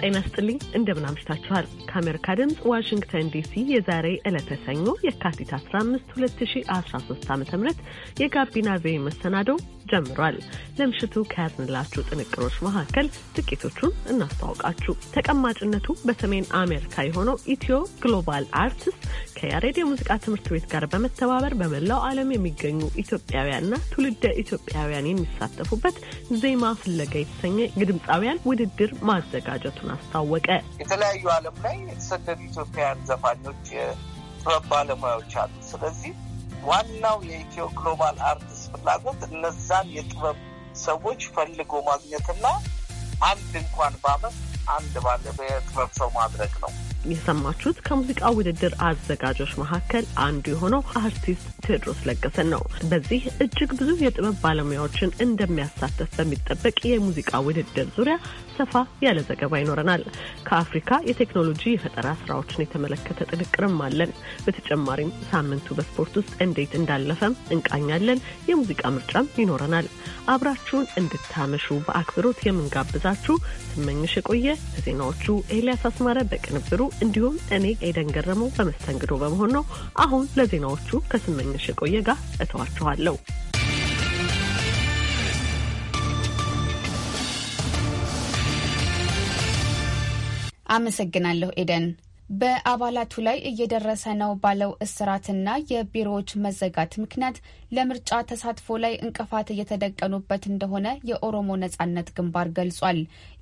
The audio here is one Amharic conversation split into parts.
ጤና ስጥልኝ እንደምናምሽታችኋል። ከአሜሪካ ድምፅ ዋሽንግተን ዲሲ የዛሬ ዕለተ ሰኞ የካቲት 15 2013 ዓ ም የጋቢና ቪኦኤ መሰናዶው ጀምሯል። ለምሽቱ ከያዝንላችሁ ጥንቅሮች መካከል ጥቂቶቹን እናስተዋውቃችሁ። ተቀማጭነቱ በሰሜን አሜሪካ የሆነው ኢትዮ ግሎባል አርትስ ከያሬድ የሙዚቃ ትምህርት ቤት ጋር በመተባበር በመላው ዓለም የሚገኙ ኢትዮጵያውያንና ትውልደ ኢትዮጵያውያን የሚሳተፉበት ዜማ ፍለጋ የተሰኘ ግድምፃውያን ውድድር ማዘጋጀቱን አስታወቀ። የተለያዩ ዓለም ላይ የተሰደዱ ኢትዮጵያውያን ዘፋኞች ጥበብ ባለሙያዎች አሉ። ስለዚህ ዋናው የኢትዮ ግሎባል አርት ፍላጎት እነዛን የጥበብ ሰዎች ፈልጎ ማግኘትና አንድ እንኳን በዓመት አንድ ባለ የጥበብ ሰው ማድረግ ነው። የሰማችሁት ከሙዚቃ ውድድር አዘጋጆች መካከል አንዱ የሆነው አርቲስት ቴዎድሮስ ለገሰን ነው። በዚህ እጅግ ብዙ የጥበብ ባለሙያዎችን እንደሚያሳተፍ በሚጠበቅ የሙዚቃ ውድድር ዙሪያ ሰፋ ያለ ዘገባ ይኖረናል። ከአፍሪካ የቴክኖሎጂ የፈጠራ ስራዎችን የተመለከተ ጥንቅርም አለን። በተጨማሪም ሳምንቱ በስፖርት ውስጥ እንዴት እንዳለፈም እንቃኛለን። የሙዚቃ ምርጫም ይኖረናል። አብራችሁን እንድታመሹ በአክብሮት የምንጋብዛችሁ ስመኝሽ የቆየ ከዜናዎቹ፣ ኤልያስ አስማረ በቅንብሩ እንዲሁም እኔ ኤደን ገረመው በመስተንግዶ በመሆን ነው። አሁን ለዜናዎቹ ከስመኝሽ የቆየ ጋር እተዋችኋለሁ። አመሰግናለሁ ኤደን። በአባላቱ ላይ እየደረሰ ነው ባለው እስራትና የቢሮዎች መዘጋት ምክንያት ለምርጫ ተሳትፎ ላይ እንቅፋት እየተደቀኑበት እንደሆነ የኦሮሞ ነጻነት ግንባር ገልጿል።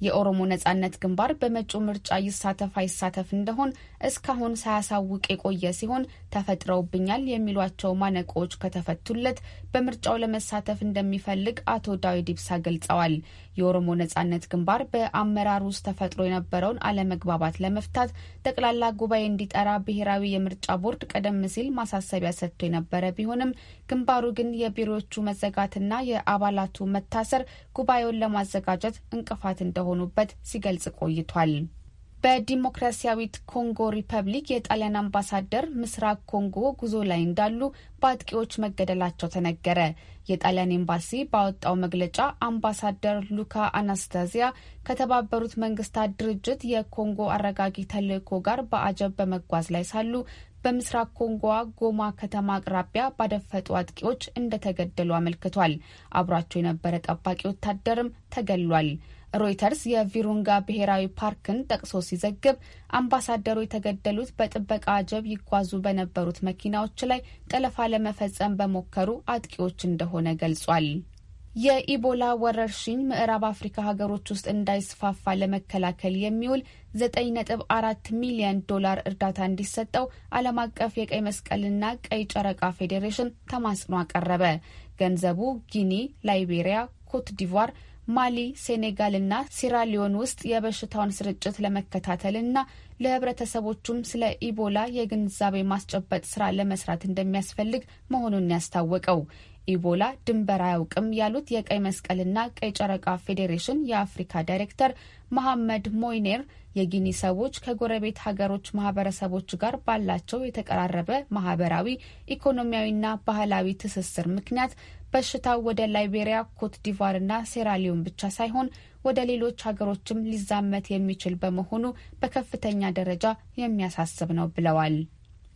የኦሮሞ ነጻነት ግንባር በመጪው ምርጫ ይሳተፍ አይሳተፍ እንደሆን እስካሁን ሳያሳውቅ የቆየ ሲሆን ተፈጥረውብኛል የሚሏቸው ማነቆዎች ከተፈቱለት በምርጫው ለመሳተፍ እንደሚፈልግ አቶ ዳዊድ ኢብሳ ገልጸዋል። የኦሮሞ ነጻነት ግንባር በአመራር ውስጥ ተፈጥሮ የነበረውን አለመግባባት ለመፍታት ጠቅላላ ጉባኤ እንዲጠራ ብሔራዊ የምርጫ ቦርድ ቀደም ሲል ማሳሰቢያ ሰጥቶ የነበረ ቢሆንም ግንባሩ ግን የቢሮዎቹ መዘጋትና የአባላቱ መታሰር ጉባኤውን ለማዘጋጀት እንቅፋት እንደሆኑበት ሲገልጽ ቆይቷል። በዲሞክራሲያዊት ኮንጎ ሪፐብሊክ የጣሊያን አምባሳደር ምስራቅ ኮንጎ ጉዞ ላይ እንዳሉ በአጥቂዎች መገደላቸው ተነገረ። የጣሊያን ኤምባሲ ባወጣው መግለጫ አምባሳደር ሉካ አናስታዚያ ከተባበሩት መንግስታት ድርጅት የኮንጎ አረጋጊ ተልዕኮ ጋር በአጀብ በመጓዝ ላይ ሳሉ በምስራቅ ኮንጎዋ ጎማ ከተማ አቅራቢያ ባደፈጡ አጥቂዎች እንደተገደሉ አመልክቷል። አብሯቸው የነበረ ጠባቂ ወታደርም ተገሏል። ሮይተርስ የቪሩንጋ ብሔራዊ ፓርክን ጠቅሶ ሲዘግብ አምባሳደሩ የተገደሉት በጥበቃ አጀብ ይጓዙ በነበሩት መኪናዎች ላይ ጠለፋ ለመፈጸም በሞከሩ አጥቂዎች እንደሆነ ገልጿል። የኢቦላ ወረርሽኝ ምዕራብ አፍሪካ ሀገሮች ውስጥ እንዳይስፋፋ ለመከላከል የሚውል ዘጠኝ ነጥብ አራት ሚሊዮን ዶላር እርዳታ እንዲሰጠው ዓለም አቀፍ የቀይ መስቀልና ቀይ ጨረቃ ፌዴሬሽን ተማጽኖ አቀረበ። ገንዘቡ ጊኒ፣ ላይቤሪያ፣ ኮት ዲቯር ማሊ፣ ሴኔጋልና ሲራሊዮን ውስጥ የበሽታውን ስርጭት ለመከታተል እና ለህብረተሰቦቹም ስለ ኢቦላ የግንዛቤ ማስጨበጥ ስራ ለመስራት እንደሚያስፈልግ መሆኑን ያስታወቀው ኢቦላ ድንበር አያውቅም ያሉት የቀይ መስቀልና ቀይ ጨረቃ ፌዴሬሽን የአፍሪካ ዳይሬክተር መሐመድ ሞይኔር የጊኒ ሰዎች ከጎረቤት ሀገሮች ማህበረሰቦች ጋር ባላቸው የተቀራረበ ማህበራዊ፣ ኢኮኖሚያዊና ባህላዊ ትስስር ምክንያት በሽታው ወደ ላይቤሪያ፣ ኮት ዲቫርና ሴራሊዮን ብቻ ሳይሆን ወደ ሌሎች ሀገሮችም ሊዛመት የሚችል በመሆኑ በከፍተኛ ደረጃ የሚያሳስብ ነው ብለዋል።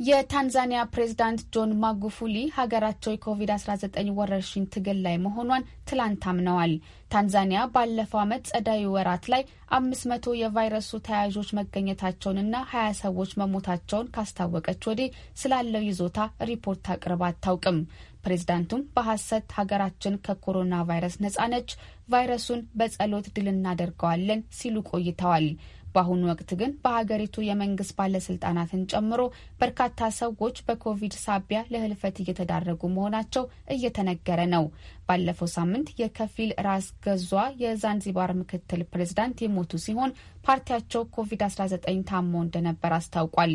የታንዛኒያ ፕሬዝዳንት ጆን ማጉፉሊ ሀገራቸው የኮቪድ-19 ወረርሽኝ ትግል ላይ መሆኗን ትላንት አምነዋል። ታንዛኒያ ባለፈው ዓመት ጸዳይ ወራት ላይ አምስት መቶ የቫይረሱ ተያያዦች መገኘታቸውንና ሀያ ሰዎች መሞታቸውን ካስታወቀች ወዲህ ስላለው ይዞታ ሪፖርት አቅርባ አታውቅም። ፕሬዝዳንቱም በሐሰት ሀገራችን ከኮሮና ቫይረስ ነጻ ነች፣ ቫይረሱን በጸሎት ድል እናደርገዋለን ሲሉ ቆይተዋል። በአሁኑ ወቅት ግን በሀገሪቱ የመንግስት ባለስልጣናትን ጨምሮ በርካታ ሰዎች በኮቪድ ሳቢያ ለህልፈት እየተዳረጉ መሆናቸው እየተነገረ ነው። ባለፈው ሳምንት የከፊል ራስ ገዟ የዛንዚባር ምክትል ፕሬዝዳንት የሞቱ ሲሆን ፓርቲያቸው ኮቪድ-19 ታሞ እንደነበር አስታውቋል።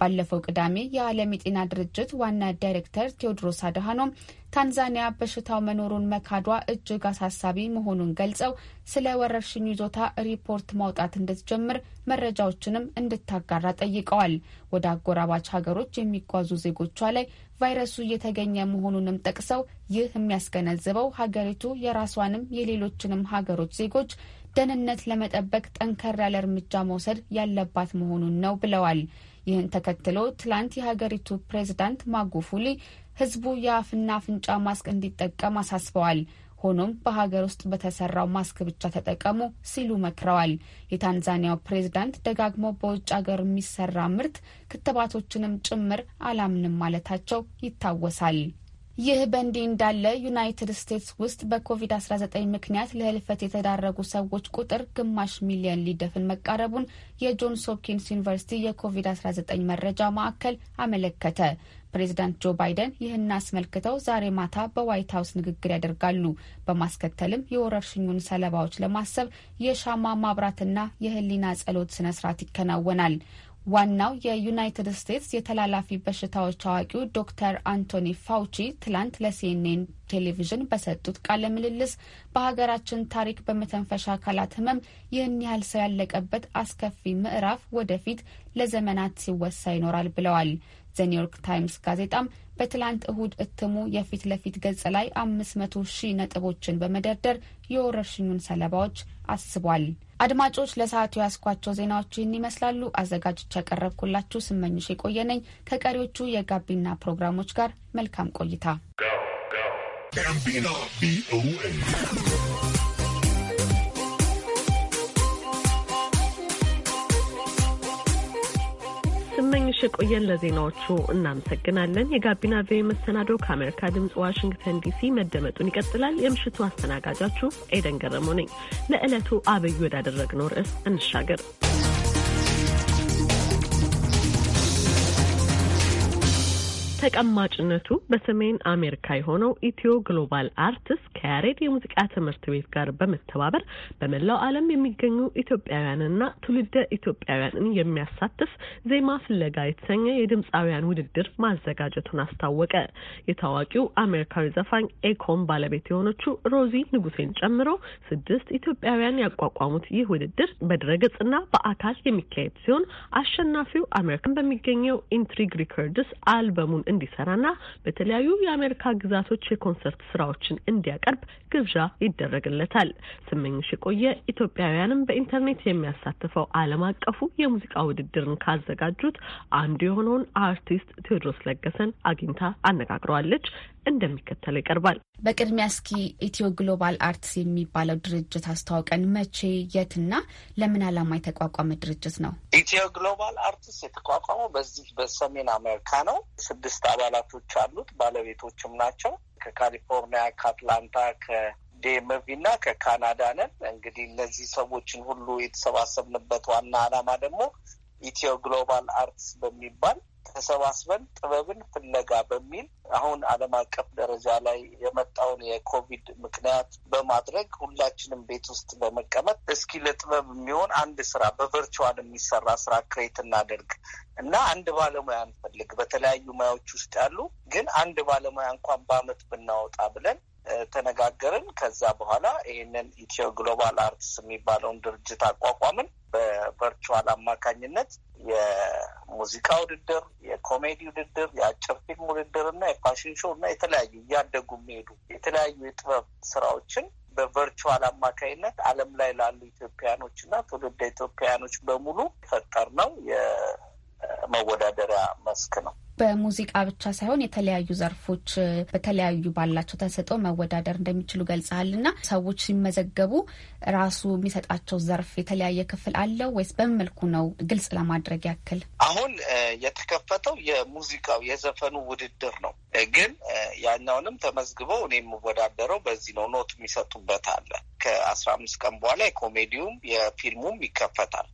ባለፈው ቅዳሜ የዓለም የጤና ድርጅት ዋና ዳይሬክተር ቴዎድሮስ አድሃኖም ታንዛኒያ በሽታው መኖሩን መካዷ እጅግ አሳሳቢ መሆኑን ገልጸው ስለ ወረርሽኙ ይዞታ ሪፖርት ማውጣት እንድትጀምር መረጃዎችንም እንድታጋራ ጠይቀዋል። ወደ አጎራባች ሀገሮች የሚጓዙ ዜጎቿ ላይ ቫይረሱ እየተገኘ መሆኑንም ጠቅሰው ይህ የሚያስገነዝበው ሀገሪቱ የራሷንም የሌሎችንም ሀገሮች ዜጎች ደህንነት ለመጠበቅ ጠንከር ያለ እርምጃ መውሰድ ያለባት መሆኑን ነው ብለዋል። ይህን ተከትሎ ትላንት የሀገሪቱ ፕሬዝዳንት ማጉፉሊ ህዝቡ የአፍና አፍንጫ ማስክ እንዲጠቀም አሳስበዋል። ሆኖም በሀገር ውስጥ በተሰራው ማስክ ብቻ ተጠቀሙ ሲሉ መክረዋል። የታንዛኒያው ፕሬዝዳንት ደጋግሞ በውጭ ሀገር የሚሰራ ምርት ክትባቶችንም ጭምር አላምንም ማለታቸው ይታወሳል። ይህ በእንዲህ እንዳለ ዩናይትድ ስቴትስ ውስጥ በኮቪድ-19 ምክንያት ለህልፈት የተዳረጉ ሰዎች ቁጥር ግማሽ ሚሊዮን ሊደፍን መቃረቡን የጆንስ ሆፕኪንስ ዩኒቨርሲቲ የኮቪድ-19 መረጃ ማዕከል አመለከተ። ፕሬዚዳንት ጆ ባይደን ይህን አስመልክተው ዛሬ ማታ በዋይት ሀውስ ንግግር ያደርጋሉ። በማስከተልም የወረርሽኙን ሰለባዎች ለማሰብ የሻማ ማብራትና የህሊና ጸሎት ስነስርዓት ይከናወናል። ዋናው የዩናይትድ ስቴትስ የተላላፊ በሽታዎች አዋቂው ዶክተር አንቶኒ ፋውቺ ትላንት ለሲኤንኤን ቴሌቪዥን በሰጡት ቃለ ምልልስ በሀገራችን ታሪክ በመተንፈሻ አካላት ህመም ይህን ያህል ሰው ያለቀበት አስከፊ ምዕራፍ ወደፊት ለዘመናት ሲወሳ ይኖራል ብለዋል። ዘኒውዮርክ ታይምስ ጋዜጣም በትላንት እሁድ እትሙ የፊት ለፊት ገጽ ላይ አምስት መቶ ሺህ ነጥቦችን በመደርደር የወረርሽኙን ሰለባዎች አስቧል። አድማጮች ለሰዓቱ ያስኳቸው ዜናዎች ይህን ይመስላሉ። አዘጋጆች ያቀረብኩላችሁ ስመኝሽ የቆየነኝ ከቀሪዎቹ የጋቢና ፕሮግራሞች ጋር መልካም ቆይታ ጋቢና ስመኝሽ የቆየን ለዜናዎቹ እናመሰግናለን። የጋቢና ቪኦኤ መሰናዶው ከአሜሪካ ድምፅ ዋሽንግተን ዲሲ መደመጡን ይቀጥላል። የምሽቱ አስተናጋጃችሁ ኤደን ገረሙ ነኝ። ለዕለቱ አብይ ወዳደረግነው ርዕስ እንሻገር። ተቀማጭነቱ በሰሜን አሜሪካ የሆነው ኢትዮ ግሎባል አርትስ ከያሬድ የሙዚቃ ትምህርት ቤት ጋር በመተባበር በመላው ዓለም የሚገኙ ኢትዮጵያውያንና ትውልደ ኢትዮጵያውያንን የሚያሳትፍ ዜማ ፍለጋ የተሰኘ የድምፃውያን ውድድር ማዘጋጀቱን አስታወቀ። የታዋቂው አሜሪካዊ ዘፋኝ ኤኮም ባለቤት የሆነችው ሮዚ ንጉሴን ጨምሮ ስድስት ኢትዮጵያውያን ያቋቋሙት ይህ ውድድር በድረገጽና በአካል የሚካሄድ ሲሆን አሸናፊው አሜሪካን በሚገኘው ኢንትሪግ ሪከርድስ አልበሙን እንዲሰራና በተለያዩ የአሜሪካ ግዛቶች የኮንሰርት ስራዎችን እንዲያቀርብ ግብዣ ይደረግለታል። ስመኝሽ የቆየ ኢትዮጵያውያንም በኢንተርኔት የሚያሳትፈው ዓለም አቀፉ የሙዚቃ ውድድርን ካዘጋጁት አንዱ የሆነውን አርቲስት ቴዎድሮስ ለገሰን አግኝታ አነጋግረዋለች። እንደሚከተለው ይቀርባል። በቅድሚያ እስኪ ኢትዮ ግሎባል አርትስ የሚባለው ድርጅት አስተዋውቀን። መቼ፣ የትና ለምን ዓላማ የተቋቋመ ድርጅት ነው? ኢትዮ ግሎባል አርትስ የተቋቋመው በዚህ በሰሜን አሜሪካ ነው። ስድስት ስድስት አባላቶች አሉት። ባለቤቶችም ናቸው። ከካሊፎርኒያ፣ ከአትላንታ፣ ከዴምቪ እና ከካናዳ ነን። እንግዲህ እነዚህ ሰዎችን ሁሉ የተሰባሰብንበት ዋና ዓላማ ደግሞ ኢትዮ ግሎባል አርትስ በሚባል ተሰባስበን ጥበብን ፍለጋ በሚል አሁን ዓለም አቀፍ ደረጃ ላይ የመጣውን የኮቪድ ምክንያት በማድረግ ሁላችንም ቤት ውስጥ በመቀመጥ እስኪ ለጥበብ የሚሆን አንድ ስራ በቨርቹዋል የሚሰራ ስራ ክሬት እናደርግ እና አንድ ባለሙያ እንፈልግ፣ በተለያዩ ሙያዎች ውስጥ ያሉ ግን አንድ ባለሙያ እንኳን በአመት ብናወጣ ብለን ተነጋገርን። ከዛ በኋላ ይህንን ኢትዮ ግሎባል አርትስ የሚባለውን ድርጅት አቋቋምን። በቨርቹዋል አማካኝነት የሙዚቃ ውድድር፣ የኮሜዲ ውድድር፣ የአጭር ፊልም ውድድር እና የፋሽን ሾው እና የተለያዩ እያደጉ የሚሄዱ የተለያዩ የጥበብ ስራዎችን በቨርቹዋል አማካኝነት ዓለም ላይ ላሉ ኢትዮጵያኖች እና ትውልድ ኢትዮጵያኖች በሙሉ ነው የመወዳደሪያ መስክ ነው። በሙዚቃ ብቻ ሳይሆን የተለያዩ ዘርፎች በተለያዩ ባላቸው ተሰጠ መወዳደር እንደሚችሉ ገልጸሃል እና ሰዎች ሲመዘገቡ ራሱ የሚሰጣቸው ዘርፍ የተለያየ ክፍል አለው ወይስ በምን መልኩ ነው? ግልጽ ለማድረግ ያክል አሁን የተከፈተው የሙዚቃው የዘፈኑ ውድድር ነው። ግን ያኛውንም ተመዝግበው እኔ የምወዳደረው በዚህ ነው። ኖት የሚሰጡበት አለ። ከአስራ አምስት ቀን በኋላ የኮሜዲውም የፊልሙም ይከፈታል።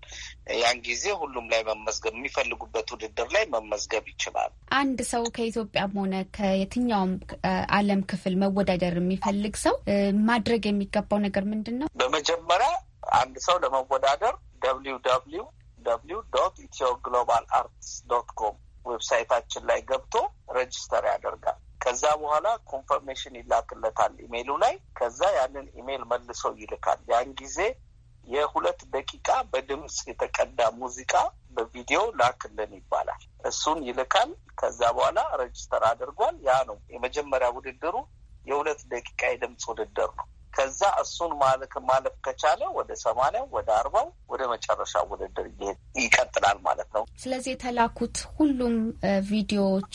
ያን ጊዜ ሁሉም ላይ መመዝገብ የሚፈልጉበት ውድድር ላይ መመዝገብ ይችላል። አንድ ሰው ከኢትዮጵያም ሆነ ከየትኛውም ዓለም ክፍል መወዳደር የሚፈልግ ሰው ማድረግ የሚገባው ነገር ምንድን ነው? በመጀመሪያ አንድ ሰው ለመወዳደር ደብሊው ደብሊው ደብሊው ዶት ኢትዮ ግሎባል አርትስ ዶት ኮም ዌብሳይታችን ላይ ገብቶ ሬጅስተር ያደርጋል። ከዛ በኋላ ኮንፈርሜሽን ይላክለታል ኢሜይሉ ላይ። ከዛ ያንን ኢሜይል መልሶ ይልካል። ያን ጊዜ የሁለት ደቂቃ በድምፅ የተቀዳ ሙዚቃ በቪዲዮ ላክልን ይባላል። እሱን ይልካል። ከዛ በኋላ ሬጅስተር አድርጓል። ያ ነው የመጀመሪያ ውድድሩ። የሁለት ደቂቃ የድምፅ ውድድር ነው። ከዛ እሱን ማለፍ ማለፍ ከቻለ ወደ ሰማንያው ወደ አርባው ወደ መጨረሻ ውድድር ይቀጥላል ማለት ነው። ስለዚህ የተላኩት ሁሉም ቪዲዮዎች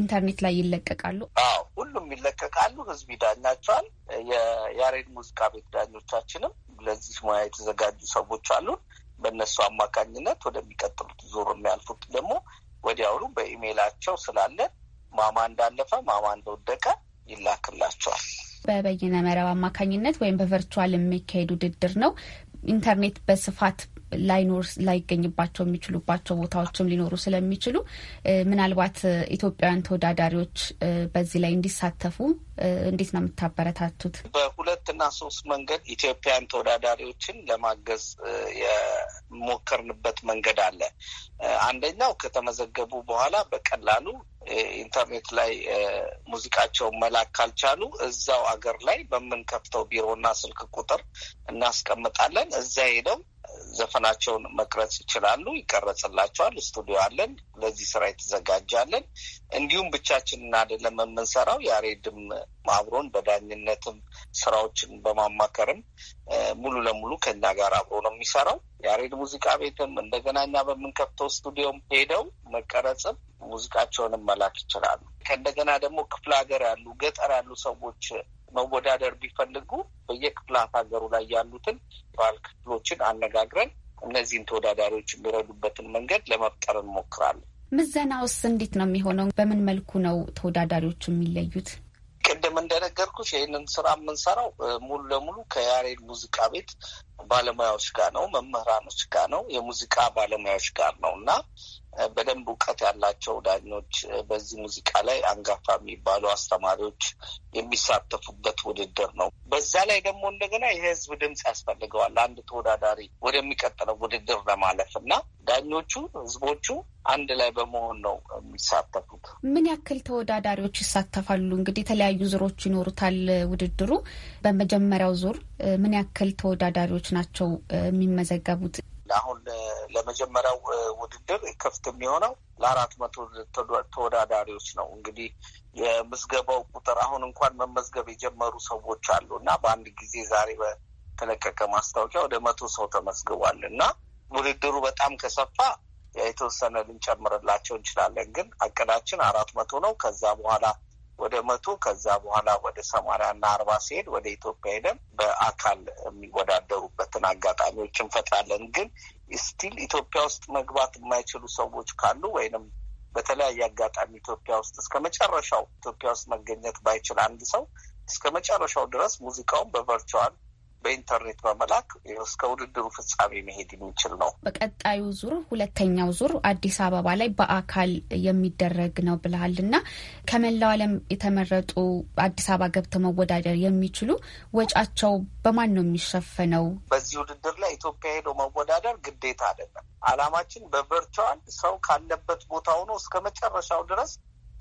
ኢንተርኔት ላይ ይለቀቃሉ። አዎ ሁሉም ይለቀቃሉ። ህዝብ ይዳኛቸዋል። የያሬድ ሙዚቃ ቤት ዳኞቻችንም ለዚህ ሙያ የተዘጋጁ ሰዎች አሉን። በእነሱ አማካኝነት ወደሚቀጥሉት ዙር የሚያልፉት ደግሞ ወዲያውኑ በኢሜይላቸው ስላለን ማማ እንዳለፈ ማማ እንደወደቀ ይላክላቸዋል። በበይነ መረብ አማካኝነት ወይም በቨርቹዋል የሚካሄድ ውድድር ነው። ኢንተርኔት በስፋት ላይኖር ላይገኝባቸው የሚችሉባቸው ቦታዎችም ሊኖሩ ስለሚችሉ ምናልባት ኢትዮጵያውያን ተወዳዳሪዎች በዚህ ላይ እንዲሳተፉ እንዴት ነው የምታበረታቱት? በሁለት ሶስት መንገድ ኢትዮጵያን ተወዳዳሪዎችን ለማገዝ የሞከርንበት መንገድ አለ። አንደኛው ከተመዘገቡ በኋላ በቀላሉ ኢንተርኔት ላይ ሙዚቃቸውን መላክ ካልቻሉ እዛው አገር ላይ በምንከፍተው ቢሮና ስልክ ቁጥር እናስቀምጣለን። እዛ ሄደው ዘፈናቸውን መቅረጽ ይችላሉ፣ ይቀረጽላቸዋል። ስቱዲዮ አለን፣ ለዚህ ስራ የተዘጋጃለን። እንዲሁም ብቻችንን አይደለም የምንሰራው፣ ያሬድም አብሮን በዳኝነትም ስራዎችን በማማከርም ሙሉ ለሙሉ ከኛ ጋር አብሮ ነው የሚሰራው። ያሬድ ሙዚቃ ቤትም እንደገና እኛ በምንከፍተው ስቱዲዮም ሄደው መቀረጽም ሙዚቃቸውንም መላክ ይችላሉ። ከእንደገና ደግሞ ክፍለ ሀገር ያሉ ገጠር ያሉ ሰዎች መወዳደር ቢፈልጉ በየክፍላት ሀገሩ ላይ ያሉትን ባህል ክፍሎችን አነጋግረን እነዚህን ተወዳዳሪዎች የሚረዱበትን መንገድ ለመፍጠር እንሞክራለን። ምዘናውስ እንዴት ነው የሚሆነው? በምን መልኩ ነው ተወዳዳሪዎቹ የሚለዩት? ቅድም እንደነገርኩሽ ይህንን ስራ የምንሰራው ሙሉ ለሙሉ ከያሬድ ሙዚቃ ቤት ባለሙያዎች ጋር ነው፣ መምህራኖች ጋር ነው፣ የሙዚቃ ባለሙያዎች ጋር ነው እና በደንብ እውቀት ያላቸው ዳኞች፣ በዚህ ሙዚቃ ላይ አንጋፋ የሚባሉ አስተማሪዎች የሚሳተፉበት ውድድር ነው። በዛ ላይ ደግሞ እንደገና የህዝብ ድምፅ ያስፈልገዋል አንድ ተወዳዳሪ ወደሚቀጥለው ውድድር ለማለፍ እና ዳኞቹ ህዝቦቹ አንድ ላይ በመሆን ነው የሚሳተፉት። ምን ያክል ተወዳዳሪዎች ይሳተፋሉ? እንግዲህ የተለያዩ ዙሮች ይኖሩታል ውድድሩ። በመጀመሪያው ዙር ምን ያክል ተወዳዳሪዎች ናቸው የሚመዘገቡት? አሁን ለመጀመሪያው ውድድር ክፍት የሚሆነው ለአራት መቶ ተወዳዳሪዎች ነው። እንግዲህ የምዝገባው ቁጥር አሁን እንኳን መመዝገብ የጀመሩ ሰዎች አሉ እና በአንድ ጊዜ ዛሬ በተለቀቀ ማስታወቂያ ወደ መቶ ሰው ተመዝግቧል እና ውድድሩ በጣም ከሰፋ የተወሰነ ልንጨምርላቸው እንችላለን። ግን አቅዳችን አራት መቶ ነው። ከዛ በኋላ ወደ መቶ ከዛ በኋላ ወደ ሰማንያ እና አርባ ሲሄድ ወደ ኢትዮጵያ ሄደን በአካል የሚወዳደሩበትን አጋጣሚዎች እንፈጥራለን። ግን ስቲል ኢትዮጵያ ውስጥ መግባት የማይችሉ ሰዎች ካሉ ወይንም በተለያየ አጋጣሚ ኢትዮጵያ ውስጥ እስከ መጨረሻው ኢትዮጵያ ውስጥ መገኘት ባይችል አንድ ሰው እስከ መጨረሻው ድረስ ሙዚቃውን በቨርቹዋል በኢንተርኔት በመላክ እስከ ውድድሩ ፍጻሜ መሄድ የሚችል ነው። በቀጣዩ ዙር ሁለተኛው ዙር አዲስ አበባ ላይ በአካል የሚደረግ ነው ብለሃል እና ከመላው ዓለም የተመረጡ አዲስ አበባ ገብተው መወዳደር የሚችሉ ወጫቸው በማን ነው የሚሸፈነው? በዚህ ውድድር ላይ ኢትዮጵያ ሄዶ መወዳደር ግዴታ አይደለም። አላማችን በቨርቹዋል ሰው ካለበት ቦታ ሆኖ እስከ መጨረሻው ድረስ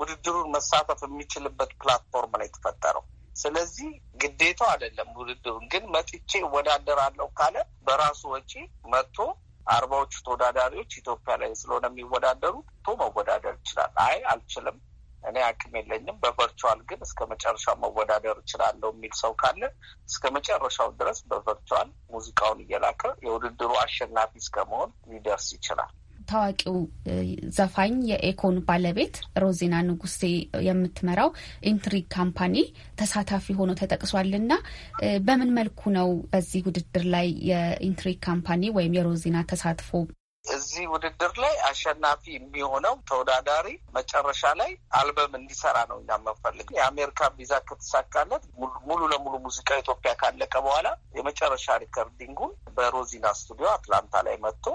ውድድሩን መሳተፍ የሚችልበት ፕላትፎርም ላይ የተፈጠረው ስለዚህ ግዴታው አይደለም። ውድድሩን ግን መጥቼ እወዳደራለሁ ካለ በራሱ ወጪ መጥቶ አርባዎቹ ተወዳዳሪዎች ኢትዮጵያ ላይ ስለሆነ የሚወዳደሩት ቶ መወዳደር ይችላል። አይ አልችልም፣ እኔ አቅም የለኝም፣ በቨርቹዋል ግን እስከ መጨረሻው መወዳደር እችላለሁ የሚል ሰው ካለ እስከ መጨረሻው ድረስ በቨርቹዋል ሙዚቃውን እየላከ የውድድሩ አሸናፊ እስከመሆን ሊደርስ ይችላል። ታዋቂው ዘፋኝ የኤኮን ባለቤት ሮዚና ንጉሴ የምትመራው ኢንትሪግ ካምፓኒ ተሳታፊ ሆኖ ተጠቅሷልና በምን መልኩ ነው በዚህ ውድድር ላይ የኢንትሪግ ካምፓኒ ወይም የሮዚና ተሳትፎ? እዚህ ውድድር ላይ አሸናፊ የሚሆነው ተወዳዳሪ መጨረሻ ላይ አልበም እንዲሰራ ነው እኛ የምንፈልግ። የአሜሪካ ቪዛ ከተሳካለት ሙሉ ለሙሉ ሙዚቃ ኢትዮጵያ ካለቀ በኋላ የመጨረሻ ሪከርዲንጉን በሮዚና ስቱዲዮ አትላንታ ላይ መጥቶ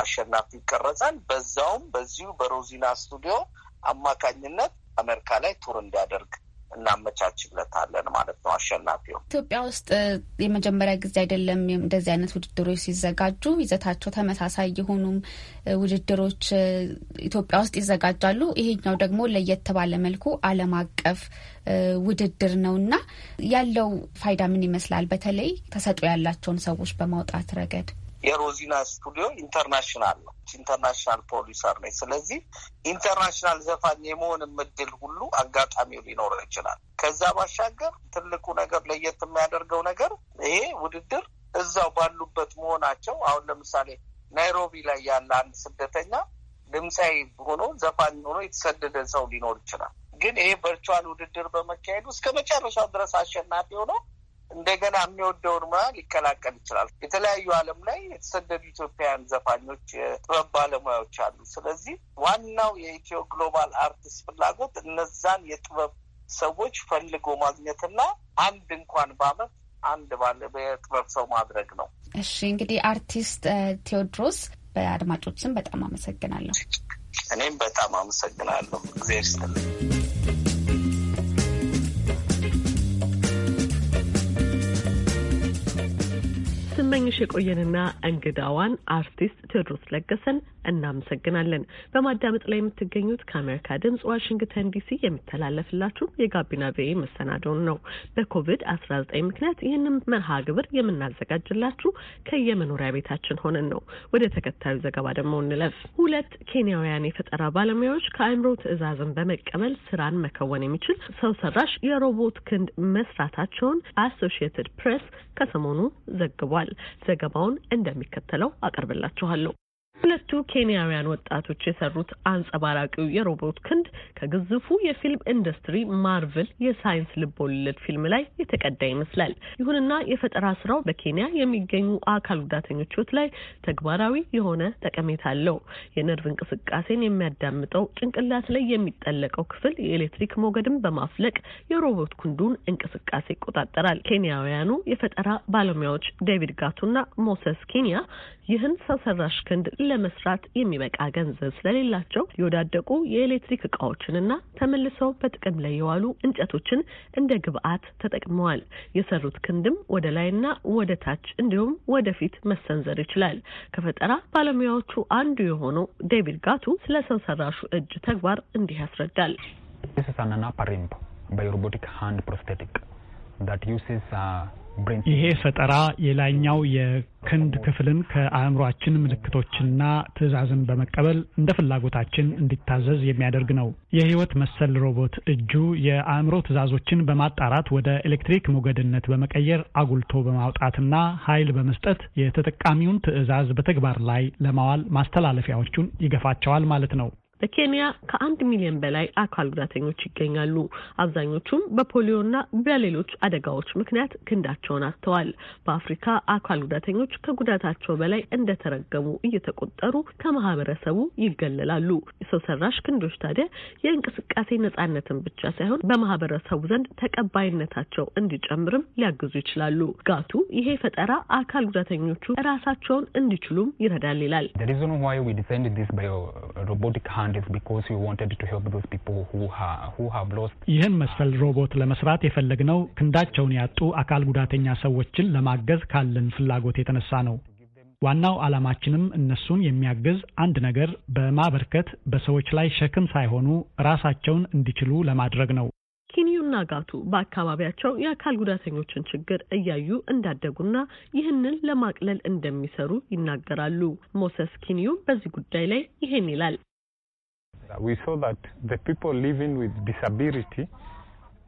አሸናፊ ይቀረጻል። በዛውም በዚሁ በሮዚና ስቱዲዮ አማካኝነት አሜሪካ ላይ ቱር እንዲያደርግ እናመቻችለታለን ማለት ነው። አሸናፊው ኢትዮጵያ ውስጥ የመጀመሪያ ጊዜ አይደለም እንደዚህ አይነት ውድድሮች ሲዘጋጁ ይዘታቸው ተመሳሳይ የሆኑም ውድድሮች ኢትዮጵያ ውስጥ ይዘጋጃሉ። ይሄኛው ደግሞ ለየት ባለ መልኩ ዓለም አቀፍ ውድድር ነው እና ያለው ፋይዳ ምን ይመስላል? በተለይ ተሰጥኦ ያላቸውን ሰዎች በማውጣት ረገድ የሮዚና ስቱዲዮ ኢንተርናሽናል ነው። ኢንተርናሽናል ፕሮዲሰር ነች። ስለዚህ ኢንተርናሽናል ዘፋኝ የመሆን እድል ሁሉ አጋጣሚው ሊኖር ይችላል። ከዛ ባሻገር ትልቁ ነገር ለየት የሚያደርገው ነገር ይሄ ውድድር እዛው ባሉበት መሆናቸው። አሁን ለምሳሌ ናይሮቢ ላይ ያለ አንድ ስደተኛ ድምፃዊ ሆኖ ዘፋኝ ሆኖ የተሰደደ ሰው ሊኖር ይችላል። ግን ይሄ ቨርቹዋል ውድድር በመካሄዱ እስከ መጨረሻው ድረስ አሸናፊ ሆነው እንደገና የሚወደውን ሙያ ሊቀላቀል ይችላል። የተለያዩ ዓለም ላይ የተሰደዱ ኢትዮጵያውያን ዘፋኞች፣ የጥበብ ባለሙያዎች አሉ። ስለዚህ ዋናው የኢትዮ ግሎባል አርቲስት ፍላጎት እነዛን የጥበብ ሰዎች ፈልጎ ማግኘትና አንድ እንኳን በአመት አንድ ባለ የጥበብ ሰው ማድረግ ነው። እሺ እንግዲህ አርቲስት ቴዎድሮስ በአድማጮች ስም በጣም አመሰግናለሁ። እኔም በጣም አመሰግናለሁ። እግዚአብሔር ይስጥልኝ። ስመኝሽ የቆየንና እንግዳዋን አርቲስት ቴዎድሮስ ለገሰን እናመሰግናለን። በማዳመጥ ላይ የምትገኙት ከአሜሪካ ድምጽ ዋሽንግተን ዲሲ የሚተላለፍላችሁ የጋቢና ቪኤ መሰናዶውን ነው። በኮቪድ አስራ ዘጠኝ ምክንያት ይህንን መርሃ ግብር የምናዘጋጅላችሁ ከየመኖሪያ ቤታችን ሆነን ነው። ወደ ተከታዩ ዘገባ ደግሞ እንለፍ። ሁለት ኬንያውያን የፈጠራ ባለሙያዎች ከአእምሮ ትዕዛዝን በመቀበል ስራን መከወን የሚችል ሰው ሰራሽ የሮቦት ክንድ መስራታቸውን አሶሺየትድ ፕሬስ ከሰሞኑ ዘግቧል። ዘገባውን እንደሚከተለው አቀርብላችኋለሁ። ሁለቱ ኬንያውያን ወጣቶች የሰሩት አንጸባራቂው የሮቦት ክንድ ከግዙፉ የፊልም ኢንዱስትሪ ማርቭል የሳይንስ ልቦለድ ፊልም ላይ የተቀዳ ይመስላል። ይሁንና የፈጠራ ስራው በኬንያ የሚገኙ አካል ጉዳተኞች ላይ ተግባራዊ የሆነ ጠቀሜታ አለው። የነርቭ እንቅስቃሴን የሚያዳምጠው ጭንቅላት ላይ የሚጠለቀው ክፍል የኤሌክትሪክ ሞገድን በማፍለቅ የሮቦት ክንዱን እንቅስቃሴ ይቆጣጠራል። ኬንያውያኑ የፈጠራ ባለሙያዎች ዴቪድ ጋቱና ሞሰስ ኬንያ ይህን ሰው ሰራሽ ክንድ ለመስራት የሚበቃ ገንዘብ ስለሌላቸው የወዳደቁ የኤሌክትሪክ እቃዎችንና ተመልሰው በጥቅም ላይ የዋሉ እንጨቶችን እንደ ግብአት ተጠቅመዋል። የሰሩት ክንድም ወደ ላይና ወደ ታች እንዲሁም ወደፊት መሰንዘር ይችላል። ከፈጠራ ባለሙያዎቹ አንዱ የሆነው ዴቪድ ጋቱ ስለ ሰው ሰራሹ እጅ ተግባር እንዲህ ያስረዳል። ሳናና ፓሪምፕ ባይ ሮቦቲክ ሃንድ ፕሮስቴቲክ ዳት ይሄ ፈጠራ የላይኛው የክንድ ክፍልን ከአእምሯችን ምልክቶችና ትዕዛዝን በመቀበል እንደ ፍላጎታችን እንዲታዘዝ የሚያደርግ ነው። የህይወት መሰል ሮቦት እጁ የአእምሮ ትዕዛዞችን በማጣራት ወደ ኤሌክትሪክ ሞገድነት በመቀየር አጉልቶ በማውጣትና ኃይል በመስጠት የተጠቃሚውን ትዕዛዝ በተግባር ላይ ለማዋል ማስተላለፊያዎቹን ይገፋቸዋል ማለት ነው። በኬንያ ከአንድ ሚሊዮን በላይ አካል ጉዳተኞች ይገኛሉ። አብዛኞቹም በፖሊዮና በሌሎች አደጋዎች ምክንያት ክንዳቸውን አጥተዋል። በአፍሪካ አካል ጉዳተኞች ከጉዳታቸው በላይ እንደተረገሙ እየተቆጠሩ ከማህበረሰቡ ይገለላሉ። የሰው ሰራሽ ክንዶች ታዲያ የእንቅስቃሴ ነጻነትን ብቻ ሳይሆን በማህበረሰቡ ዘንድ ተቀባይነታቸው እንዲጨምርም ሊያግዙ ይችላሉ። ጋቱ ይሄ ፈጠራ አካል ጉዳተኞቹ ራሳቸውን እንዲችሉም ይረዳል ይላል። ይህን መሰል ሮቦት ለመስራት የፈለግነው ክንዳቸውን ያጡ አካል ጉዳተኛ ሰዎችን ለማገዝ ካለን ፍላጎት የተነሳ ነው። ዋናው ዓላማችንም እነሱን የሚያግዝ አንድ ነገር በማበርከት በሰዎች ላይ ሸክም ሳይሆኑ ራሳቸውን እንዲችሉ ለማድረግ ነው። ኪኒዩና ጋቱ በአካባቢያቸው የአካል ጉዳተኞችን ችግር እያዩ እንዳደጉና ይህንን ለማቅለል እንደሚሰሩ ይናገራሉ። ሞሰስ ኪኒዩ በዚህ ጉዳይ ላይ ይሄን ይላል።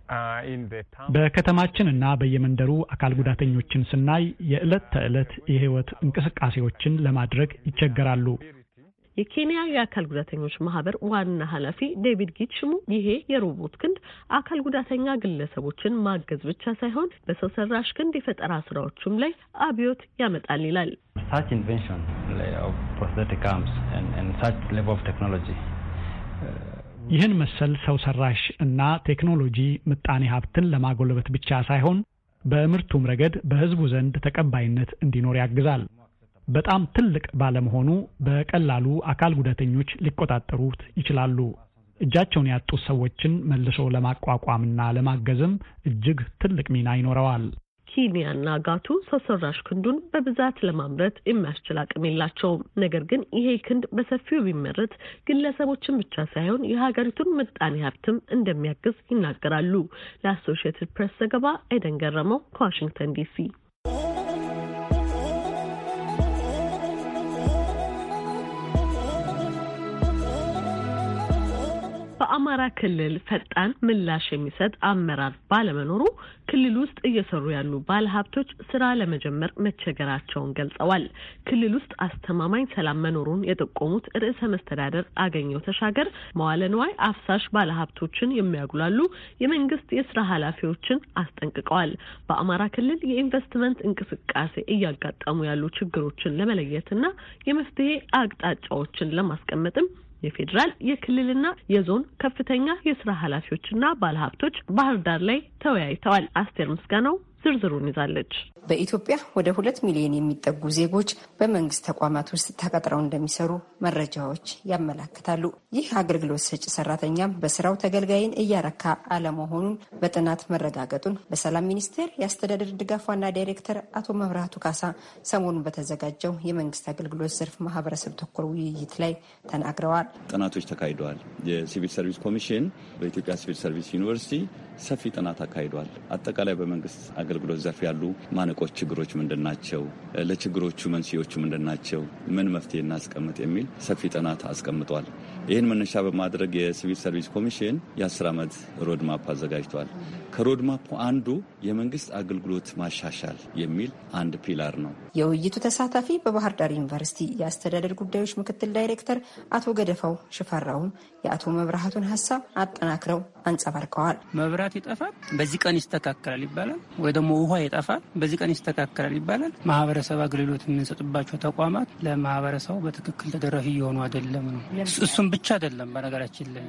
Uh, እና በየመንደሩ አካል ጉዳተኞችን ስናይ የዕለት ተዕለት የህይወት እንቅስቃሴዎችን ለማድረግ ይቸገራሉ። የኬንያ የአካል ጉዳተኞች ማህበር ዋና ኃላፊ ዴቪድ ጊችሙ ይሄ የሮቦት ክንድ አካል ጉዳተኛ ግለሰቦችን ማገዝ ብቻ ሳይሆን በሰው ሰራሽ ክንድ የፈጠራ ስራዎችም ላይ አብዮት ያመጣል ይላል። ይህን መሰል ሰው ሰራሽ እና ቴክኖሎጂ ምጣኔ ሀብትን ለማጎልበት ብቻ ሳይሆን በምርቱም ረገድ በህዝቡ ዘንድ ተቀባይነት እንዲኖር ያግዛል። በጣም ትልቅ ባለመሆኑ በቀላሉ አካል ጉዳተኞች ሊቆጣጠሩት ይችላሉ። እጃቸውን ያጡት ሰዎችን መልሶ ለማቋቋምና ለማገዝም እጅግ ትልቅ ሚና ይኖረዋል። ሂኒያና ጋቱ ሰው ሰራሽ ክንዱን በብዛት ለማምረት የሚያስችል አቅም የላቸውም። ነገር ግን ይሄ ክንድ በሰፊው ቢመረት ግለሰቦችን ብቻ ሳይሆን የሀገሪቱን ምጣኔ ሀብትም እንደሚያግዝ ይናገራሉ። ለአሶሽየትድ ፕሬስ ዘገባ አይደን ገረመው ከዋሽንግተን ዲሲ በአማራ ክልል ፈጣን ምላሽ የሚሰጥ አመራር ባለመኖሩ ክልል ውስጥ እየሰሩ ያሉ ባለሀብቶች ስራ ለመጀመር መቸገራቸውን ገልጸዋል። ክልል ውስጥ አስተማማኝ ሰላም መኖሩን የጠቆሙት ርዕሰ መስተዳደር አገኘው ተሻገር መዋለንዋይ አፍሳሽ ባለሀብቶችን የሚያጉላሉ የመንግስት የስራ ኃላፊዎችን አስጠንቅቀዋል። በአማራ ክልል የኢንቨስትመንት እንቅስቃሴ እያጋጠሙ ያሉ ችግሮችን ለመለየትና የመፍትሄ አቅጣጫዎችን ለማስቀመጥም የፌዴራል የክልልና የዞን ከፍተኛ የስራ ኃላፊዎችና ባለሀብቶች ባህር ዳር ላይ ተወያይተዋል። አስቴር ምስጋናው ዝርዝሩን ይዛለች። በኢትዮጵያ ወደ ሁለት ሚሊዮን የሚጠጉ ዜጎች በመንግስት ተቋማት ውስጥ ተቀጥረው እንደሚሰሩ መረጃዎች ያመላክታሉ። ይህ አገልግሎት ሰጪ ሰራተኛም በስራው ተገልጋይን እያረካ አለመሆኑን በጥናት መረጋገጡን በሰላም ሚኒስቴር የአስተዳደር ድጋፍ ዋና ዳይሬክተር አቶ መብራቱ ካሳ ሰሞኑን በተዘጋጀው የመንግስት አገልግሎት ዘርፍ ማህበረሰብ ተኮር ውይይት ላይ ተናግረዋል። ጥናቶች ተካሂደዋል። የሲቪል ሰርቪስ ኮሚሽን በኢትዮጵያ ሲቪል ሰርቪስ ዩኒቨርሲቲ ሰፊ ጥናት አካሂደዋል። አጠቃላይ በመንግስት አገልግሎት ዘርፍ ያሉ ማነ ትልልቆች ችግሮች ምንድናቸው? ለችግሮቹ መንስኤዎቹ ምንድናቸው? ምን መፍትሄ እናስቀምጥ የሚል ሰፊ ጥናት አስቀምጧል። ይህን መነሻ በማድረግ የሲቪል ሰርቪስ ኮሚሽን የአስር ዓመት ሮድማፕ አዘጋጅቷል። ከሮድማፑ አንዱ የመንግስት አገልግሎት ማሻሻል የሚል አንድ ፒላር ነው። የውይይቱ ተሳታፊ በባህር ዳር ዩኒቨርሲቲ የአስተዳደር ጉዳዮች ምክትል ዳይሬክተር አቶ ገደፋው ሽፈራውም የአቶ መብራቱን ሀሳብ አጠናክረው አንጸባርቀዋል። መብራት ይጠፋል፣ በዚህ ቀን ይስተካከላል ይባላል ወይ ደግሞ ውሃ ይጠፋል፣ በዚህ ቀን ይስተካከላል ይባላል። ማህበረሰብ አገልግሎት የምንሰጥባቸው ተቋማት ለማህበረሰቡ በትክክል ተደራሽ እየሆኑ አይደለም ነው እሱም ብቻ አይደለም። በነገራችን ላይ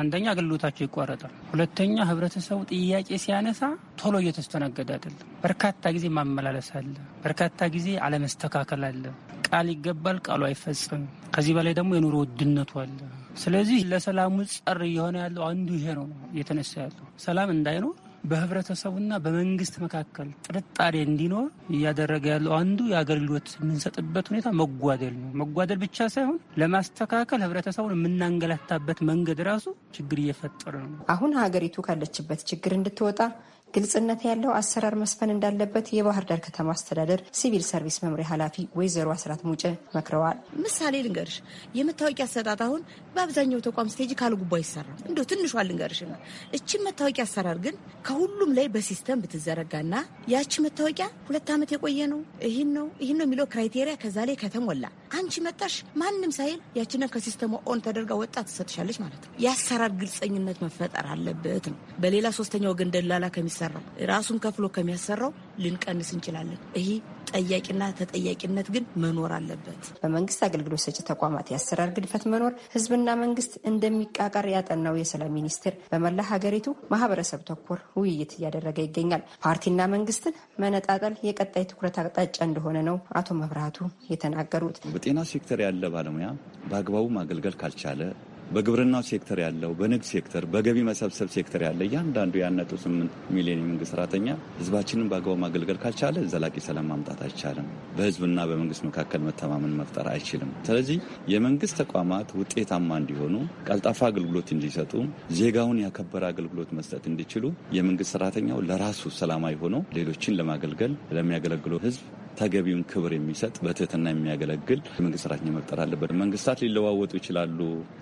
አንደኛ አገልግሎታቸው ይቋረጣል። ሁለተኛ ህብረተሰቡ ጥያቄ ሲያነሳ ቶሎ እየተስተናገደ አይደለም። በርካታ ጊዜ ማመላለስ አለ። በርካታ ጊዜ አለመስተካከል አለ። ቃል ይገባል፣ ቃሉ አይፈጽም። ከዚህ በላይ ደግሞ የኑሮ ውድነቱ አለ። ስለዚህ ለሰላሙ ጸር እየሆነ ያለው አንዱ ይሄ ነው እየተነሳ ያለው ሰላም እንዳይኖር በህብረተሰቡና በመንግስት መካከል ጥርጣሬ እንዲኖር እያደረገ ያለው አንዱ የአገልግሎት የምንሰጥበት ሁኔታ መጓደል ነው። መጓደል ብቻ ሳይሆን ለማስተካከል ህብረተሰቡን የምናንገላታበት መንገድ ራሱ ችግር እየፈጠረ ነው። አሁን ሀገሪቱ ካለችበት ችግር እንድትወጣ ግልጽነት ያለው አሰራር መስፈን እንዳለበት የባህር ዳር ከተማ አስተዳደር ሲቪል ሰርቪስ መምሪያ ኃላፊ ወይዘሮ አስራት ሙጨ መክረዋል። ምሳሌ ልንገርሽ፣ የመታወቂያ አሰጣጥ አሁን በአብዛኛው ተቋም ስቴጅ ካልጉቦ ይሰራል። እንዲ ትንሿ ልንገርሽ ነው። እቺ መታወቂያ አሰራር ግን ከሁሉም ላይ በሲስተም ብትዘረጋና ያቺ መታወቂያ ሁለት ዓመት የቆየ ነው ይህን ነው ይህን ነው የሚለው ክራይቴሪያ ከዛ ላይ ከተሞላ አንቺ መጣሽ ማንም ሳይል ያችንን ከሲስተሙ ኦን ተደርጋ ወጣ ትሰጥሻለች ማለት ነው። የአሰራር ግልጸኝነት መፈጠር አለበት ነው። በሌላ ሶስተኛ ወገን ደላላ ከሚሰራው ራሱን ከፍሎ ከሚያሰራው ልንቀንስ እንችላለን። ይህ ጠያቂና ተጠያቂነት ግን መኖር አለበት። በመንግስት አገልግሎት ሰጪ ተቋማት የአሰራር ግድፈት መኖር ህዝብና መንግስት እንደሚቃቀር ያጠናው የሰላም ሚኒስቴር በመላ ሀገሪቱ ማህበረሰብ ተኮር ውይይት እያደረገ ይገኛል። ፓርቲና መንግስትን መነጣጠል የቀጣይ ትኩረት አቅጣጫ እንደሆነ ነው አቶ መብራቱ የተናገሩት። በጤና ሴክተር ያለ ባለሙያ በአግባቡ ማገልገል ካልቻለ በግብርናው ሴክተር ያለው፣ በንግድ ሴክተር፣ በገቢ መሰብሰብ ሴክተር ያለ እያንዳንዱ ያነጡ ስምንት ሚሊዮን የመንግስት ሰራተኛ ህዝባችንን በአግባቡ ማገልገል ካልቻለ ዘላቂ ሰላም ማምጣት አይቻልም። በህዝብና በመንግስት መካከል መተማመን መፍጠር አይችልም። ስለዚህ የመንግስት ተቋማት ውጤታማ እንዲሆኑ፣ ቀልጣፋ አገልግሎት እንዲሰጡ፣ ዜጋውን ያከበረ አገልግሎት መስጠት እንዲችሉ የመንግስት ሰራተኛው ለራሱ ሰላማዊ ሆኖ ሌሎችን ለማገልገል ለሚያገለግለው ህዝብ ተገቢውን ክብር የሚሰጥ በትህትና የሚያገለግል የመንግስት ስርዓትን መፍጠር አለበት። መንግስታት ሊለዋወጡ ይችላሉ።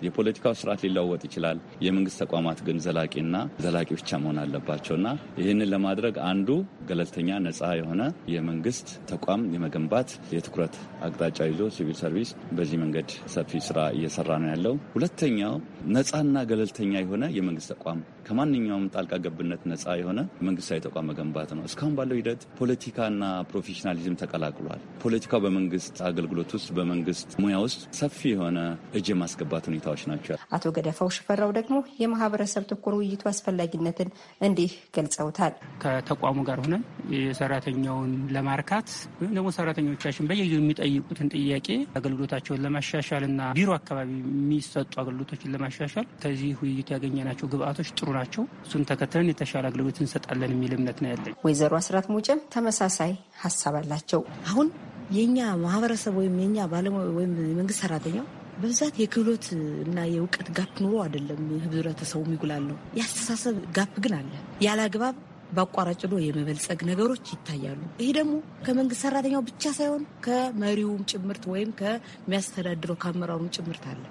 የፖለቲካው ስርዓት ሊለዋወጥ ይችላል። የመንግስት ተቋማት ግን ዘላቂና ዘላቂ ብቻ መሆን አለባቸው እና ይህንን ለማድረግ አንዱ ገለልተኛ ነጻ የሆነ የመንግስት ተቋም የመገንባት የትኩረት አቅጣጫ ይዞ ሲቪል ሰርቪስ በዚህ መንገድ ሰፊ ስራ እየሰራ ነው ያለው። ሁለተኛው ነጻና ገለልተኛ የሆነ የመንግስት ተቋም ከማንኛውም ጣልቃ ገብነት ነፃ የሆነ መንግስታዊ ተቋም መገንባት ነው። እስካሁን ባለው ሂደት ፖለቲካና ፕሮፌሽናሊዝም ተቀላቅሏል። ፖለቲካው በመንግስት አገልግሎት ውስጥ በመንግስት ሙያ ውስጥ ሰፊ የሆነ እጅ የማስገባት ሁኔታዎች ናቸው። አቶ ገደፋው ሽፈራው ደግሞ የማህበረሰብ ትኩር ውይይቱ አስፈላጊነትን እንዲህ ገልጸውታል። ከተቋሙ ጋር ሆነን የሰራተኛውን ለማርካት ወይም ደግሞ ሰራተኞቻችን በየጊዜው የሚጠይቁትን ጥያቄ አገልግሎታቸውን ለማሻሻል እና ቢሮ አካባቢ የሚሰጡ አገልግሎቶችን ለማሻሻል ከዚህ ውይይት ያገኘናቸው ግብአቶች ጥሩ ናቸው። እሱን ተከትለን የተሻለ አገልግሎት እንሰጣለን የሚል እምነት ነው ያለኝ። ወይዘሮ አስራት ሙጨም ተመሳሳይ ሀሳብ አላቸው። አሁን የእኛ ማህበረሰብ ወይም የእኛ ባለሙያ ወይም የመንግስት ሰራተኛው በብዛት የክህሎት እና የእውቀት ጋፕ ኑሮ አይደለም ህብረተሰቡ የሚጉላለው። የአስተሳሰብ ጋፕ ግን አለ ያለ አግባብ በአቋራጭ ሄዶ የመበልጸግ ነገሮች ይታያሉ። ይሄ ደግሞ ከመንግስት ሰራተኛው ብቻ ሳይሆን ከመሪውም ጭምርት ወይም ከሚያስተዳድረው ከአመራሩም ጭምርት አለ።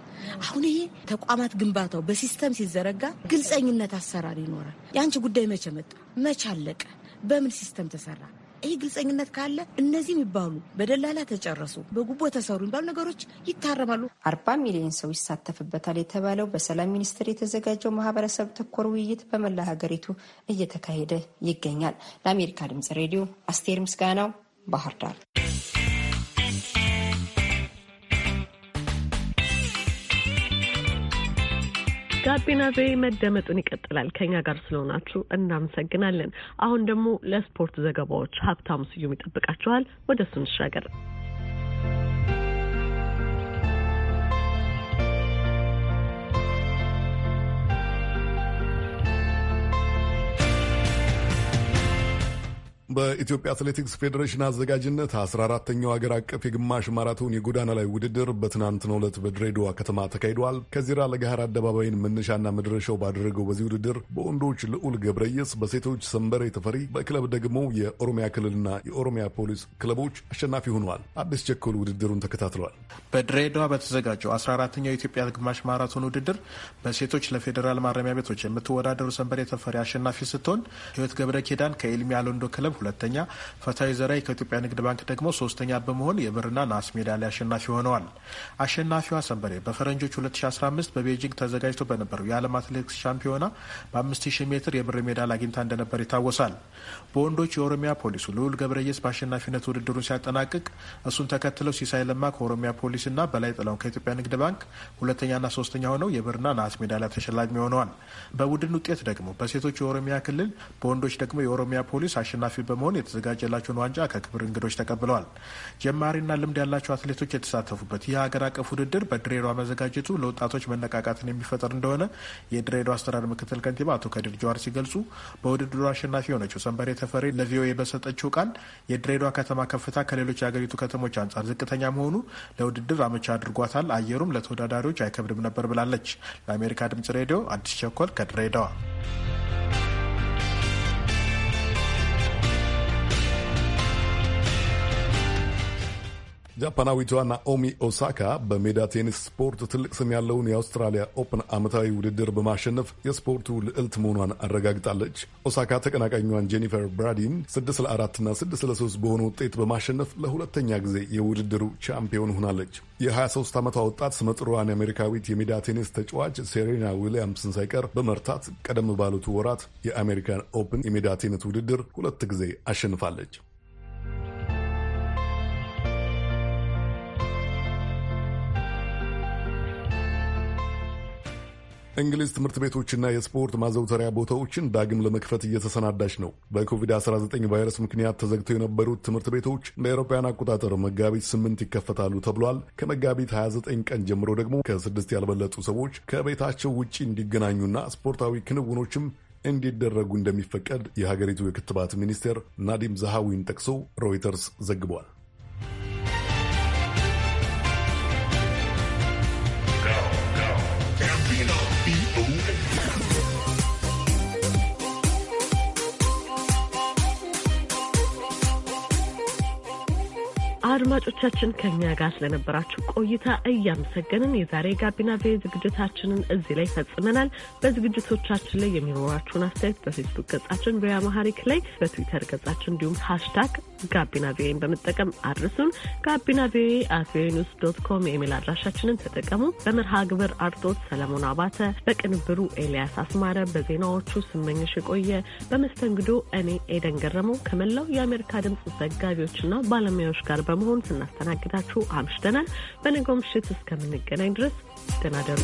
አሁን ይሄ ተቋማት ግንባታው በሲስተም ሲዘረጋ ግልጸኝነት አሰራር ይኖራል። የአንቺ ጉዳይ መቼ መጣ፣ መቼ አለቀ፣ በምን ሲስተም ተሰራ ይህ ግልጸኝነት ካለ እነዚህ የሚባሉ በደላላ ተጨረሱ፣ በጉቦ ተሰሩ የሚባሉ ነገሮች ይታረማሉ። አርባ ሚሊዮን ሰው ይሳተፍበታል የተባለው በሰላም ሚኒስቴር የተዘጋጀው ማህበረሰብ ተኮር ውይይት በመላ ሀገሪቱ እየተካሄደ ይገኛል። ለአሜሪካ ድምጽ ሬዲዮ አስቴር ምስጋናው ባህር ዳር። ጋቢና ቬ መደመጡን ይቀጥላል። ከኛ ጋር ስለሆናችሁ እናመሰግናለን። አሁን ደግሞ ለስፖርት ዘገባዎች ሀብታሙ ስዩም ይጠብቃችኋል። ወደ እሱ እንሻገር። በኢትዮጵያ አትሌቲክስ ፌዴሬሽን አዘጋጅነት 14ተኛው ሀገር አቀፍ የግማሽ ማራቶን የጎዳና ላይ ውድድር በትናንትናው ዕለት በድሬዳዋ ከተማ ተካሂደዋል። ከዚራ ለገሃር አደባባይን መነሻና መድረሻው ባደረገው በዚህ ውድድር በወንዶች ልዑል ገብረየስ፣ በሴቶች ሰንበሬ ተፈሪ፣ በክለብ ደግሞ የኦሮሚያ ክልልና የኦሮሚያ ፖሊስ ክለቦች አሸናፊ ሆነዋል። አዲስ ቸኮል ውድድሩን ተከታትሏል። በድሬዳዋ በተዘጋጀው 14ተኛው የኢትዮጵያ ግማሽ ማራቶን ውድድር በሴቶች ለፌዴራል ማረሚያ ቤቶች የምትወዳደሩ ሰንበሬ ተፈሪ አሸናፊ ስትሆን ህይወት ገብረ ኪዳን ከኤልሚ አሎንዶ ክለብ ሁለተኛ፣ ፈትሀዊ ዘራይ ከኢትዮጵያ ንግድ ባንክ ደግሞ ሶስተኛ በመሆን የብርና ናስ ሜዳሊያ አሸናፊ ሆነዋል። አሸናፊዋ ሰንበሬ በፈረንጆች 2015 በቤጂንግ ተዘጋጅቶ በነበረው የዓለም አትሌቲክስ ሻምፒዮና በ5000 ሜትር የብር ሜዳል አግኝታ እንደነበር ይታወሳል። በወንዶች የኦሮሚያ ፖሊሱ ልዑል ገብረየስ በአሸናፊነት ውድድሩን ሲያጠናቅቅ እሱን ተከትለው ሲሳይ ለማ ከኦሮሚያ ፖሊስና በላይ ጥላውን ከኢትዮጵያ ንግድ ባንክ ሁለተኛና ሶስተኛ ሆነው የብርና ናስ ሜዳሊያ ተሸላሚ ሆነዋል። በቡድን ውጤት ደግሞ በሴቶች የኦሮሚያ ክልል፣ በወንዶች ደግሞ የኦሮሚያ ፖሊስ አሸናፊ በመሆን የተዘጋጀላቸውን ዋንጫ ከክብር እንግዶች ተቀብለዋል። ጀማሪና ልምድ ያላቸው አትሌቶች የተሳተፉበት ይህ ሀገር አቀፍ ውድድር በድሬዳዋ መዘጋጀቱ ለወጣቶች መነቃቃትን የሚፈጥር እንደሆነ የድሬዳዋ አስተዳደር ምክትል ከንቲባ አቶ ከድር ጀዋር ሲገልጹ፣ በውድድሩ አሸናፊ የሆነችው ሰንበሬ ተፈሪ ለቪኦኤ በሰጠችው ቃል የድሬዳዋ ከተማ ከፍታ ከሌሎች የአገሪቱ ከተሞች አንጻር ዝቅተኛ መሆኑ ለውድድር አመቻ አድርጓታል፣ አየሩም ለተወዳዳሪዎች አይከብድም ነበር ብላለች። ለአሜሪካ ድምጽ ሬዲዮ አዲስ ቸኮል ከድሬዳዋ ጃፓናዊቷ ናኦሚ ኦሳካ በሜዳ ቴኒስ ስፖርት ትልቅ ስም ያለውን የአውስትራሊያ ኦፕን ዓመታዊ ውድድር በማሸነፍ የስፖርቱ ልዕልት መሆኗን አረጋግጣለች። ኦሳካ ተቀናቃኟን ጄኒፈር ብራዲን 6 ለ4ና 6 ለ3 በሆነ ውጤት በማሸነፍ ለሁለተኛ ጊዜ የውድድሩ ቻምፒዮን ሆናለች። የ23 ዓመቷ ወጣት ስመጥሯዋን የአሜሪካዊት የሜዳ ቴኒስ ተጫዋች ሴሬና ዊሊያምስን ሳይቀር በመርታት ቀደም ባሉት ወራት የአሜሪካን ኦፕን የሜዳ ቴኒስ ውድድር ሁለት ጊዜ አሸንፋለች። እንግሊዝ ትምህርት ቤቶችና የስፖርት ማዘውተሪያ ቦታዎችን ዳግም ለመክፈት እየተሰናዳች ነው። በኮቪድ-19 ቫይረስ ምክንያት ተዘግተው የነበሩት ትምህርት ቤቶች እንደ አውሮፓውያን አቆጣጠር መጋቢት 8 ይከፈታሉ ተብሏል። ከመጋቢት 29 ቀን ጀምሮ ደግሞ ከስድስት ያልበለጡ ሰዎች ከቤታቸው ውጭ እንዲገናኙና ስፖርታዊ ክንውኖችም እንዲደረጉ እንደሚፈቀድ የሀገሪቱ የክትባት ሚኒስቴር ናዲም ዛሃዊን ጠቅሶ ሮይተርስ ዘግቧል። አድማጮቻችን ከኛ ጋር ስለነበራችሁ ቆይታ እያመሰገንን የዛሬ ጋቢና ቪ ዝግጅታችንን እዚህ ላይ ፈጽመናል። በዝግጅቶቻችን ላይ የሚኖራችሁን አስተያየት በፌስቡክ ገጻችን በያማሃሪክ ላይ በትዊተር ገጻችን እንዲሁም ሃሽታግ ጋቢና ቪን በመጠቀም አድርሱን። ጋቢና ቪ አት ቪኦኤ ኒውስ ዶት ኮም የኢሜል አድራሻችንን ተጠቀሙ። በመርሃ ግብር አርቶት ሰለሞን አባተ፣ በቅንብሩ ኤልያስ አስማረ፣ በዜናዎቹ ስመኝሽ የቆየ፣ በመስተንግዶ እኔ ኤደን ገረመው ከመላው የአሜሪካ ድምፅ ዘጋቢዎችና ባለሙያዎች ጋር በመሆን በመሆን ስናስተናግዳችሁ አምሽተናል። በነገው ምሽት እስከምንገናኝ ድረስ ደህና ደሩ።